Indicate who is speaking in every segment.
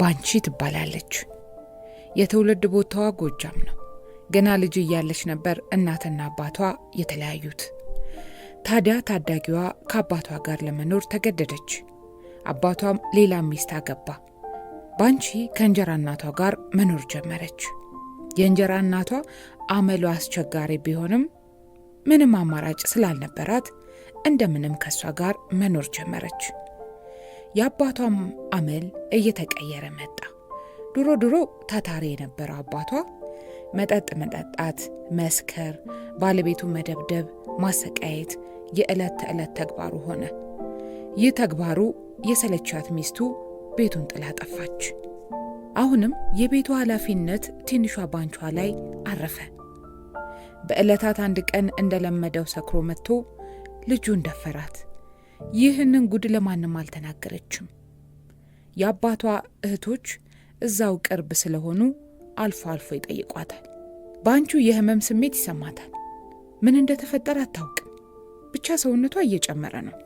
Speaker 1: ባንቺ ትባላለች። የትውልድ ቦታዋ ጎጃም ነው። ገና ልጅ እያለች ነበር እናትና አባቷ የተለያዩት። ታዲያ ታዳጊዋ ከአባቷ ጋር ለመኖር ተገደደች። አባቷም ሌላ ሚስት አገባ። ባንቺ ከእንጀራ እናቷ ጋር መኖር ጀመረች። የእንጀራ እናቷ አመሏ አስቸጋሪ ቢሆንም ምንም አማራጭ ስላልነበራት እንደምንም ከእሷ ጋር መኖር ጀመረች። የአባቷም አመል እየተቀየረ መጣ። ድሮ ድሮ ታታሪ የነበረው አባቷ መጠጥ መጠጣት፣ መስከር፣ ባለቤቱ መደብደብ፣ ማሰቃየት የዕለት ተዕለት ተግባሩ ሆነ። ይህ ተግባሩ የሰለቻት ሚስቱ ቤቱን ጥላ ጠፋች። አሁንም የቤቱ ኃላፊነት ትንሿ ባንቿ ላይ አረፈ። በዕለታት አንድ ቀን እንደለመደው ሰክሮ መጥቶ ልጁን ደፈራት። ይህንን ጉድ ለማንም አልተናገረችም። የአባቷ እህቶች እዛው ቅርብ ስለሆኑ አልፎ አልፎ ይጠይቋታል። በአንቹ የህመም ስሜት ይሰማታል። ምን እንደተፈጠረ አታውቅም። ብቻ ሰውነቷ እየጨመረ ነው።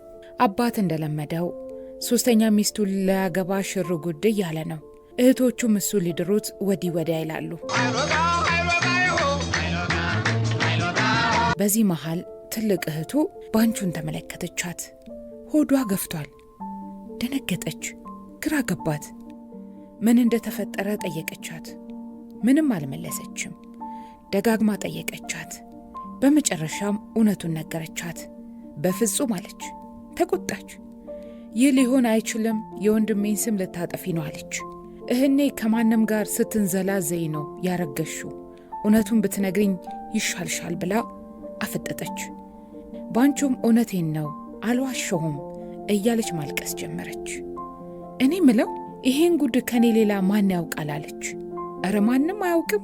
Speaker 1: አባት እንደለመደው ሶስተኛ ሚስቱን ለያገባ ሽር ጉድ እያለ ነው። እህቶቹም እሱ ሊድሩት ወዲህ ወዲያ ይላሉ። በዚህ መሃል ትልቅ እህቱ ባንቹን ተመለከተቻት። ሆዷ ገፍቷል። ደነገጠች፣ ግራ ገባት። ምን እንደተፈጠረ ጠየቀቻት። ምንም አልመለሰችም። ደጋግማ ጠየቀቻት። በመጨረሻም እውነቱን ነገረቻት። በፍጹም አለች። ተቆጣች። ይህ ሊሆን አይችልም፣ የወንድሜን ስም ልታጠፊ ነው አለች። እህኔ ከማንም ጋር ስትንዘላዘይ ነው ያረገሹ፣ እውነቱን ብትነግሪኝ ይሻልሻል ብላ አፈጠጠች። ባንቹም እውነቴን ነው አልዋሸሁም እያለች ማልቀስ ጀመረች። እኔ ምለው ይሄን ጉድ ከኔ ሌላ ማን ያውቃል አለች። ኧረ ማንም አያውቅም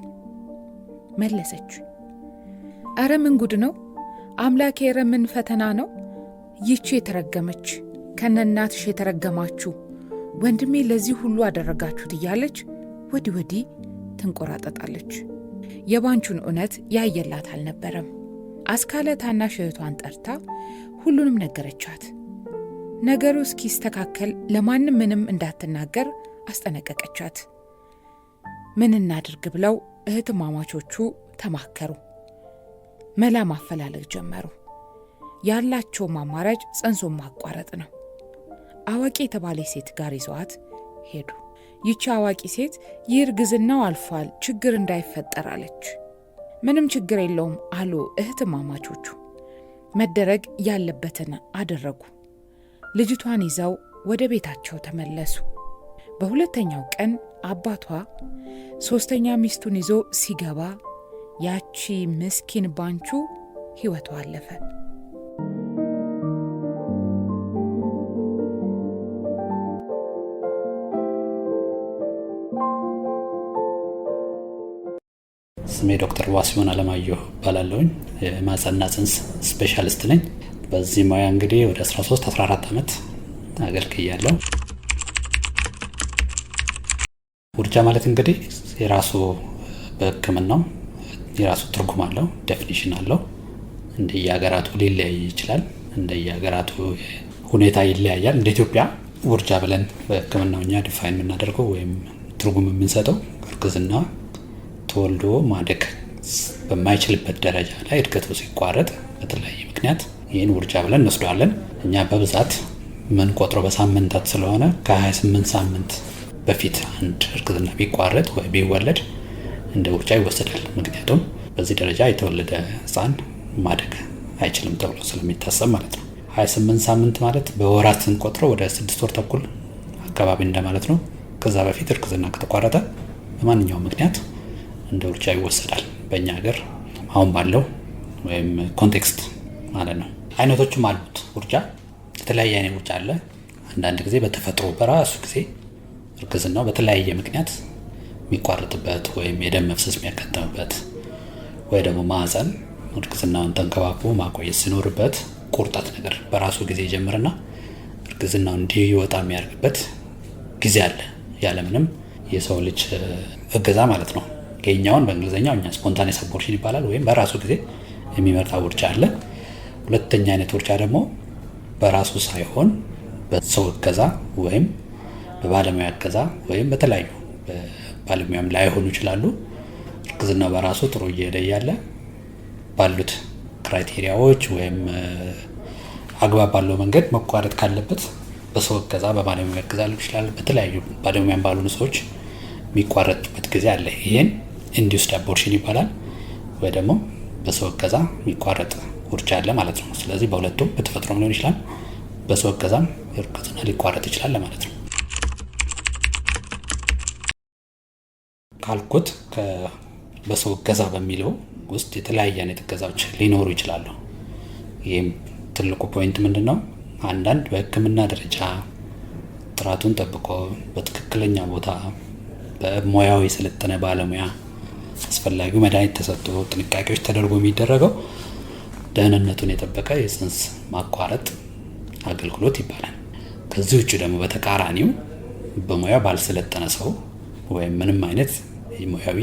Speaker 1: መለሰች። እረ ምን ጉድ ነው አምላኬ! ኧረ ምን ፈተና ነው ይቺ የተረገመች ከነናትሽ የተረገማችሁ ወንድሜ ለዚህ ሁሉ አደረጋችሁት እያለች ወዲህ ወዲህ ትንቆራጠጣለች። የባንቹን እውነት ያየላት አልነበረም። አስካለ ታናሽ እህቷን ጠርታ ሁሉንም ነገረቻት። ነገሩ እስኪስተካከል ለማንም ምንም እንዳትናገር አስጠነቀቀቻት። ምን እናድርግ ብለው እህትማማቾቹ ተማከሩ። መላ ማፈላለግ ጀመሩ። ያላቸውም አማራጭ ጽንሱን ማቋረጥ ነው። አዋቂ የተባለ ሴት ጋር ይዘዋት ሄዱ። ይቺ አዋቂ ሴት ይህ እርግዝናው አልፏል፣ ችግር እንዳይፈጠር አለች። ምንም ችግር የለውም አሉ እህትማማቾቹ። መደረግ ያለበትን አደረጉ። ልጅቷን ይዘው ወደ ቤታቸው ተመለሱ። በሁለተኛው ቀን አባቷ ሦስተኛ ሚስቱን ይዞ ሲገባ ያቺ ምስኪን ባንቹ ሕይወቷ አለፈ። ስሜ ዶክተር ዋሲሆን አለማየሁ እባላለሁኝ። የማህጸንና ጽንስ ስፔሻሊስት ነኝ። በዚህ ሙያ እንግዲህ ወደ 13 14 ዓመት አገልግያለሁ። ውርጃ ማለት እንግዲህ የራሱ በሕክምናው የራሱ ትርጉም አለው፣ ዴፊኒሽን አለው። እንደየሀገራቱ ሊለያይ ይችላል። እንደየሀገራቱ ሁኔታ ይለያያል። እንደ ኢትዮጵያ ውርጃ ብለን በሕክምናው እኛ ዲፋይን የምናደርገው ወይም ትርጉም የምንሰጠው እርግዝና ተወልዶ ማደግ በማይችልበት ደረጃ ላይ እድገቱ ሲቋረጥ በተለያየ ምክንያት ይህን ውርጃ ብለን እንወስደዋለን። እኛ በብዛት ምን ቆጥሮ በሳምንታት ስለሆነ ከ28 ሳምንት በፊት አንድ እርግዝና ቢቋረጥ ወይ ቢወለድ እንደ ውርጃ ይወሰዳል። ምክንያቱም በዚህ ደረጃ የተወለደ ህፃን ማደግ አይችልም ተብሎ ስለሚታሰብ ማለት ነው። 28 ሳምንት ማለት በወራት ቆጥሮ ወደ ስድስት ወር ተኩል አካባቢ እንደማለት ነው። ከዛ በፊት እርግዝና ከተቋረጠ በማንኛውም ምክንያት እንደ ውርጃ ይወሰዳል በእኛ ሀገር አሁን ባለው ወይም ኮንቴክስት ማለት ነው። አይነቶችም አሉት ውርጃ፣ የተለያየ አይነት ውርጫ አለ። አንዳንድ ጊዜ በተፈጥሮ በራሱ ጊዜ እርግዝናው በተለያየ ምክንያት የሚቋረጥበት ወይም የደም መፍሰስ የሚያጋጥምበት ወይ ደግሞ ማህፀን እርግዝናውን ተንከባክቦ ማቆየት ሲኖርበት ቁርጠት ነገር በራሱ ጊዜ ይጀምርና እርግዝናው እንዲወጣ የሚያደርግበት ጊዜ አለ ያለምንም የሰው ልጅ እገዛ ማለት ነው። ይሄኛውን በእንግሊዝኛው እኛ ስፖንታኒየስ አቦርሽን ይባላል፣ ወይም በራሱ ጊዜ የሚመርጥ ውርጃ አለ። ሁለተኛ አይነት ውርጃ ደግሞ በራሱ ሳይሆን በሰው እገዛ ወይም በባለሙያ እገዛ ወይም በተለያዩ ባለሙያም ላይሆኑ ይችላሉ። እርግዝናው በራሱ ጥሩ እየሄደ እያለ ባሉት ክራይቴሪያዎች ወይም አግባብ ባለው መንገድ መቋረጥ ካለበት በሰው እገዛ በባለሙያ እገዛ ሊሆን ይችላል። በተለያዩ ባለሙያም ባልሆኑ ሰዎች የሚቋረጥበት ጊዜ አለ። ይሄን ኢንዲውስድ አቦርሽን ይባላል ወይ ደግሞ በሰው እገዛ የሚቋረጥ ውርጃ አለ ማለት ነው። ስለዚህ በሁለቱም በተፈጥሮም ሊሆን ይችላል፣ በሰው እገዛም እርግዝና ሊቋረጥ ይችላል ለማለት ነው። ካልኩት በሰው እገዛ በሚለው ውስጥ የተለያየ አይነት እገዛዎች ሊኖሩ ይችላሉ። ይህም ትልቁ ፖይንት ምንድን ነው? አንዳንድ በህክምና ደረጃ ጥራቱን ጠብቆ በትክክለኛ ቦታ በሙያዊ የሰለጠነ ባለሙያ አስፈላጊው መድኃኒት ተሰጥቶ ጥንቃቄዎች ተደርጎ የሚደረገው ደህንነቱን የጠበቀ የጽንስ ማቋረጥ አገልግሎት ይባላል። ከዚህ ውጭ ደግሞ በተቃራኒው በሙያው ባልሰለጠነ ሰው ወይም ምንም አይነት ሙያዊ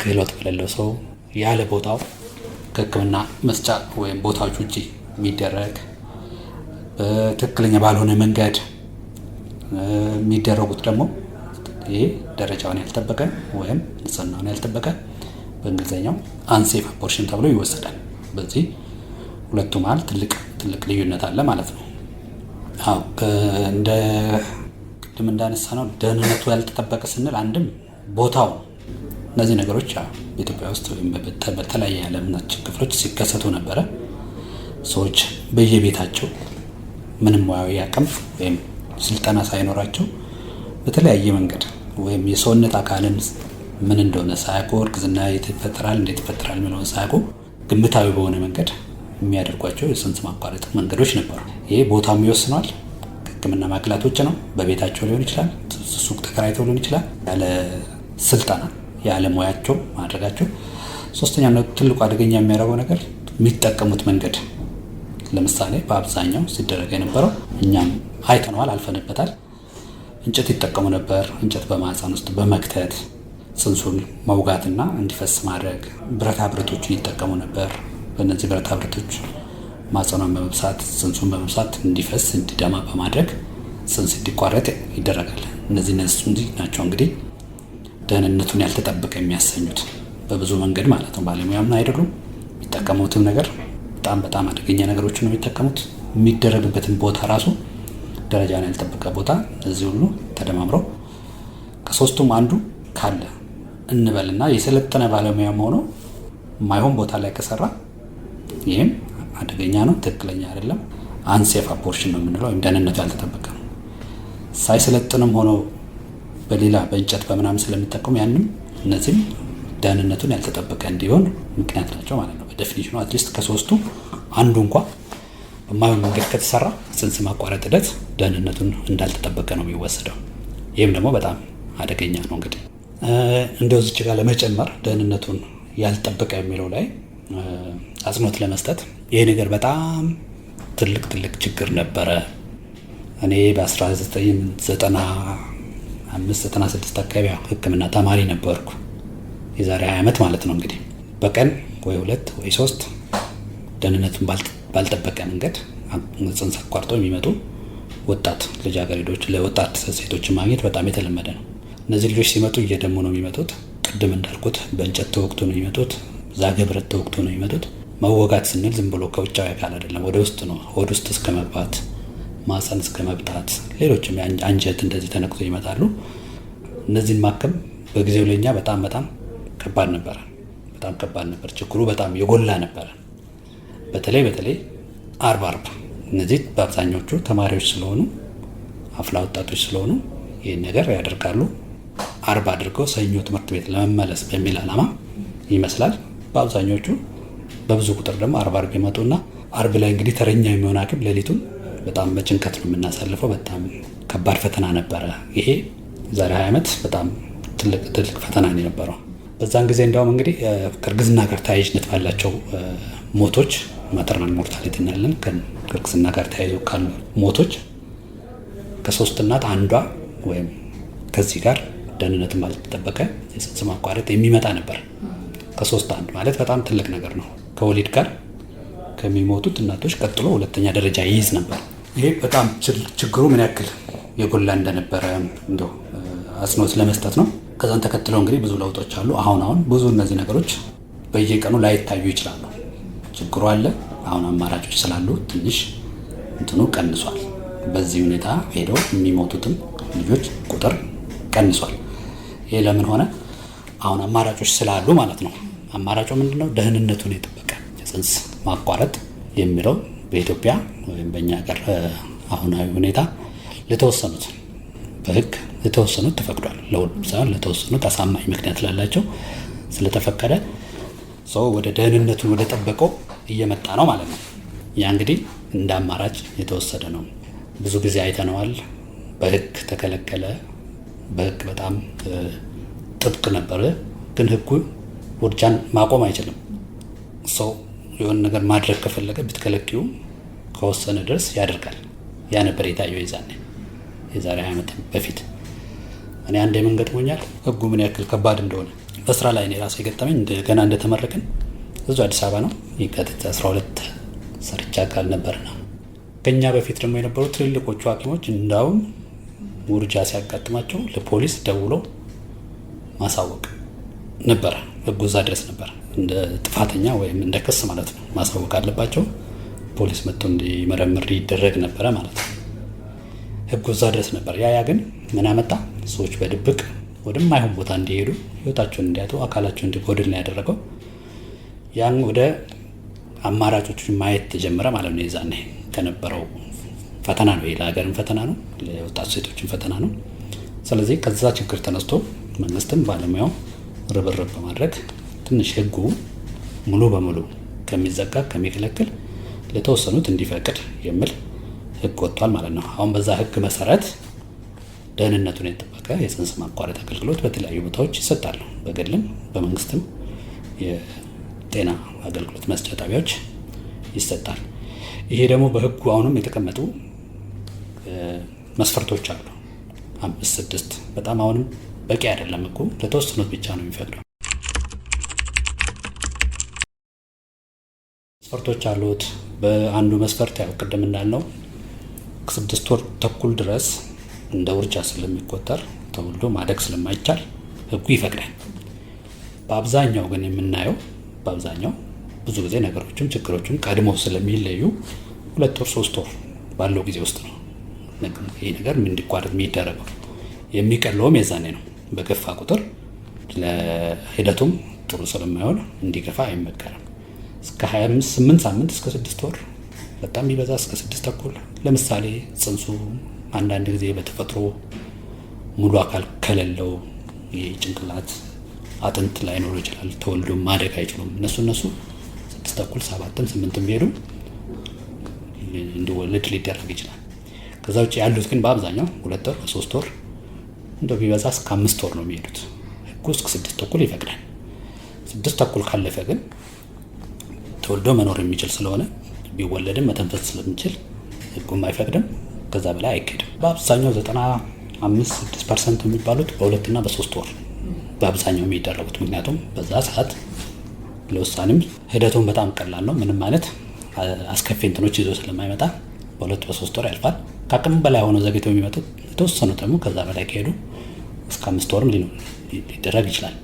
Speaker 1: ክህሎት በሌለው ሰው ያለ ቦታው ከሕክምና መስጫ ወይም ቦታዎች ውጭ የሚደረግ በትክክለኛ ባልሆነ መንገድ የሚደረጉት ደግሞ ይህ ደረጃውን ያልጠበቀ ወይም ንጽህናውን ያልጠበቀ በእንግሊዝኛው አንሴፍ ፖርሽን ተብሎ ይወሰዳል። በዚህ ሁለቱ መሀል ትልቅ ትልቅ ልዩነት አለ ማለት ነው። እንደ ቅድም እንዳነሳ ነው ደህንነቱ ያልተጠበቀ ስንል አንድም ቦታው እነዚህ ነገሮች በኢትዮጵያ ውስጥ ወይም በተለያየ የዓለማችን ክፍሎች ሲከሰቱ ነበረ። ሰዎች በየቤታቸው ምንም ሙያዊ አቅም ወይም ስልጠና ሳይኖራቸው በተለያየ መንገድ ወይም የሰውነት አካልን ምን እንደሆነ ሳያውቁ እርግዝና የት ይፈጠራል፣ እንዴት ይፈጠራል የሚለውን ሳያውቁ ግምታዊ በሆነ መንገድ የሚያደርጓቸው የፅንስ ማቋረጥ መንገዶች ነበሩ። ይሄ ቦታውም ይወስኗል። ሕክምና ማዕከላት ውጭ ነው፣ በቤታቸው ሊሆን ይችላል፣ ሱቅ ተከራይተው ሊሆን ይችላል። ያለ ስልጠና ያለ ሙያቸው ማድረጋቸው። ሶስተኛ ትልቁ አደገኛ የሚያደርገው ነገር የሚጠቀሙት መንገድ ለምሳሌ በአብዛኛው ሲደረግ የነበረው እኛም አይተነዋል፣ አልፈንበታል። እንጨት ይጠቀሙ ነበር። እንጨት በማህፀን ውስጥ በመክተት ጽንሱን መውጋትና እንዲፈስ ማድረግ። ብረታ ብረቶችን ይጠቀሙ ነበር። በእነዚህ ብረታ ብረቶች ማጸኗን በመብሳት ጽንሱን በመብሳት እንዲፈስ እንዲደማ በማድረግ ጽንስ እንዲቋረጥ ይደረጋል። እነዚህ እነዚህ ናቸው እንግዲህ ደህንነቱን ያልተጠበቀ የሚያሰኙት በብዙ መንገድ ማለት ነው። ባለሙያም አይደሉም። የሚጠቀሙትም ነገር በጣም በጣም አደገኛ ነገሮችን ነው የሚጠቀሙት። የሚደረግበትን ቦታ ራሱ ደረጃን ያልጠበቀ ቦታ እዚህ ሁሉ ተደማምረው ከሶስቱም አንዱ ካለ እንበልና የሰለጠነ ባለሙያም ሆኖ የማይሆን ቦታ ላይ ከሰራ ይህም አደገኛ ነው፣ ትክክለኛ አይደለም። አንሴፍ አፖርሽን ነው የምንለው፣ ወይም ደህንነቱ ያልተጠበቀ ነው። ሳይሰለጥንም ሆኖ በሌላ በእንጨት በምናምን ስለሚጠቀሙ ያንም እነዚህም ደህንነቱን ያልተጠበቀ እንዲሆን ምክንያት ናቸው ማለት ነው። በዴፊኒሽኑ አትሊስት ከሶስቱ አንዱ እንኳ በማይሆን መንገድ ከተሰራ ጽንስ ማቋረጥ ሂደት ደህንነቱን እንዳልተጠበቀ ነው የሚወሰደው። ይህም ደግሞ በጣም አደገኛ ነው እንግዲህ እንደው እዚች ጋር ለመጨመር ደህንነቱን ያልጠበቀ የሚለው ላይ አጽንኦት ለመስጠት ይሄ ነገር በጣም ትልቅ ትልቅ ችግር ነበረ። እኔ በ1995/96 አካባቢ ሕክምና ተማሪ ነበርኩ። የዛሬ 20 ዓመት ማለት ነው እንግዲህ በቀን ወይ ሁለት ወይ ሶስት ደህንነቱን ባልጠበቀ መንገድ ጽንስ አቋርጠው የሚመጡ ወጣት ልጃገረዶች ለወጣት ሴቶችን ማግኘት በጣም የተለመደ ነው። እነዚህ ልጆች ሲመጡ እየደሙ ነው የሚመጡት። ቅድም እንዳልኩት በእንጨት ተወቅቶ ነው የሚመጡት። ዛገብረት ተወቅቶ ነው የሚመጡት። መወጋት ስንል ዝም ብሎ ከውጫዊ አካል አይደለም፣ ወደ ውስጥ ነው። ሆድ ውስጥ እስከ መግባት፣ ማፀን እስከ መብጣት፣ ሌሎችም አንጀት እንደዚህ ተነክቶ ይመጣሉ። እነዚህን ማከም በጊዜው ለኛ በጣም በጣም ከባድ ነበረ። በጣም ከባድ ነበር። ችግሩ በጣም የጎላ ነበረ። በተለይ በተለይ አርብ አርብ እነዚህ በአብዛኞቹ ተማሪዎች ስለሆኑ አፍላ ወጣቶች ስለሆኑ ይህን ነገር ያደርጋሉ። አርብ አድርገው ሰኞ ትምህርት ቤት ለመመለስ በሚል ዓላማ ይመስላል። በአብዛኞቹ በብዙ ቁጥር ደግሞ አርብ አርብ ይመጡና አርብ ላይ እንግዲህ ተረኛ የሚሆን አቅም ሌሊቱን በጣም በጭንቀት ነው የምናሳልፈው። በጣም ከባድ ፈተና ነበረ። ይሄ ዛሬ ሀያ ዓመት በጣም ትልቅ ትልቅ ፈተና ነው የነበረው። በዛን ጊዜ እንዲያውም እንግዲህ ከእርግዝና ጋር ተያያዥነት ባላቸው ሞቶች ማተርናል ሞርታሊቲ እናያለን። ከእርግዝና ጋር ተያይዞ ካሉ ሞቶች ከሶስት እናት አንዷ ወይም ከዚህ ጋር ደህንነት ባልተጠበቀ የፅንስ ማቋረጥ የሚመጣ ነበር። ከሶስት አንድ ማለት በጣም ትልቅ ነገር ነው። ከወሊድ ጋር ከሚሞቱት እናቶች ቀጥሎ ሁለተኛ ደረጃ ይይዝ ነበር። ይሄ በጣም ችግሩ ምን ያክል የጎላ እንደነበረ እንደው አጽንኦት ለመስጠት ነው። ከዛን ተከትለው እንግዲህ ብዙ ለውጦች አሉ። አሁን አሁን ብዙ እነዚህ ነገሮች በየቀኑ ላይታዩ ይችላሉ። ችግሩ አለ። አሁን አማራጮች ስላሉ ትንሽ እንትኑ ቀንሷል። በዚህ ሁኔታ ሄደው የሚሞቱትም ልጆች ቁጥር ቀንሷል። ይሄ ለምን ሆነ? አሁን አማራጮች ስላሉ ማለት ነው። አማራጩ ምንድነው? ደህንነቱን የጠበቀ የጽንስ ማቋረጥ የሚለው በኢትዮጵያ ወይም በእኛ ሀገር አሁናዊ ሁኔታ ለተወሰኑት በህግ ለተወሰኑት ተፈቅዷል። ለሁሉም ሳይሆን ለተወሰኑት አሳማኝ ምክንያት ላላቸው ስለተፈቀደ ሰው ወደ ደህንነቱን ወደ ጠበቀው እየመጣ ነው ማለት ነው። ያ እንግዲህ እንደ አማራጭ የተወሰደ ነው። ብዙ ጊዜ አይተነዋል። በህግ ተከለከለ በህግ በጣም ጥብቅ ነበረ። ግን ህጉ ውርጃን ማቆም አይችልም። ሰው የሆነ ነገር ማድረግ ከፈለገ ብትከለኪውም ከወሰነ ድረስ ያደርጋል። ያ ነበር የታየው የዛኔ የዛሬ ዓመት በፊት እኔ አንድ የምን ገጥሞኛል ህጉ ምን ያክል ከባድ እንደሆነ በስራ ላይ እኔ ራሱ የገጠመኝ ገና እንደተመረቅን እዙ አዲስ አበባ ነው የካቲት 12 ሰርቻ ቃል ነበር ነው ከኛ በፊት ደግሞ የነበሩ ትልልቆቹ ሐኪሞች እንዳውም ውርጃ ሲያጋጥማቸው ለፖሊስ ደውሎ ማሳወቅ ነበረ። ህጉ እዛ ድረስ ነበር። እንደ ጥፋተኛ ወይም እንደ ክስ ማለት ነው ማሳወቅ አለባቸው። ፖሊስ መጥቶ እንዲመረምር ይደረግ ነበረ ማለት ነው። ህጉ ድረስ ነበር። ያ ያ ግን ምን አመጣ? ሰዎች በድብቅ ወደማይሆን ቦታ እንዲሄዱ፣ ህይወታቸውን እንዲያጡ፣ አካላቸውን እንዲጎድል ነው ያደረገው። ያን ወደ አማራጮች ማየት ተጀመረ ማለት ነው የዛኔ ከነበረው ፈተና ነው። ለሀገርም ፈተና ነው፣ ለወጣቱ ሴቶችን ፈተና ነው። ስለዚህ ከዛ ችግር ተነስቶ መንግስትም ባለሙያው ርብርብ በማድረግ ትንሽ ህጉ ሙሉ በሙሉ ከሚዘጋ ከሚከለክል ለተወሰኑት እንዲፈቅድ የሚል ህግ ወጥቷል ማለት ነው። አሁን በዛ ህግ መሰረት ደህንነቱን የጠበቀ የጽንስ ማቋረጥ አገልግሎት በተለያዩ ቦታዎች ይሰጣሉ። በግልም በመንግስትም የጤና አገልግሎት መስጫ ጣቢያዎች ይሰጣል። ይሄ ደግሞ በህጉ አሁንም የተቀመጡ መስፈርቶች አሉ። አምስት ስድስት በጣም አሁንም በቂ አይደለም እኮ ለተወሰኑት ብቻ ነው የሚፈቅደው። መስፈርቶች አሉት። በአንዱ መስፈርት ያው ቅድም እንዳልነው ስድስት ወር ተኩል ድረስ እንደ ውርጃ ስለሚቆጠር ተወልዶ ማደግ ስለማይቻል ህጉ ይፈቅዳል። በአብዛኛው ግን የምናየው በአብዛኛው ብዙ ጊዜ ነገሮችም ችግሮችም ቀድሞ ስለሚለዩ ሁለት ወር ሶስት ወር ባለው ጊዜ ውስጥ ነው ይሄ ነገር እንዲቋረጥ የሚደረገው የሚቀለውም የዛኔ ነው። በገፋ ቁጥር ለሂደቱም ጥሩ ስለማይሆን እንዲገፋ አይመከርም። እስከ 28 ሳምንት እስከ ስድስት ወር በጣም ቢበዛ እስከ ስድስት ተኩል ለምሳሌ ጽንሱ አንዳንድ ጊዜ በተፈጥሮ ሙሉ አካል ከሌለው የጭንቅላት አጥንት ላይኖር ይችላል። ተወልዶ ማደግ አይችሉም። እነሱ እነሱ ስድስት ተኩል ሰባትም ስምንትም ቢሄዱ እንዲወለድ ሊደረግ ይችላል። ከዛ ውጭ ያሉት ግን በአብዛኛው ሁለት ወር ሶስት ወር እንደ ቢበዛ እስከ አምስት ወር ነው የሚሄዱት። ህጉ እስከ ስድስት ተኩል ይፈቅዳል። ስድስት ተኩል ካለፈ ግን ተወልዶ መኖር የሚችል ስለሆነ ቢወለድም መተንፈስ ስለሚችል ህጉም አይፈቅድም። ከዛ በላይ አይካሄድም። በአብዛኛው ዘጠና አምስት ስድስት ፐርሰንት የሚባሉት በሁለትና በሶስት ወር በአብዛኛው የሚደረጉት ምክንያቱም በዛ ሰዓት ለውሳኔም ሂደቱን በጣም ቀላል ነው። ምንም አይነት አስከፊ እንትኖች ይዞ ስለማይመጣ በሁለት በሶስት ወር ያልፋል። ከአቅም በላይ ሆነው ዘግይተው የሚመጡት የተወሰኑት ደግሞ ከዛ በላይ ከሄዱ እስከ አምስት ወርም ሊደረግ ይችላል።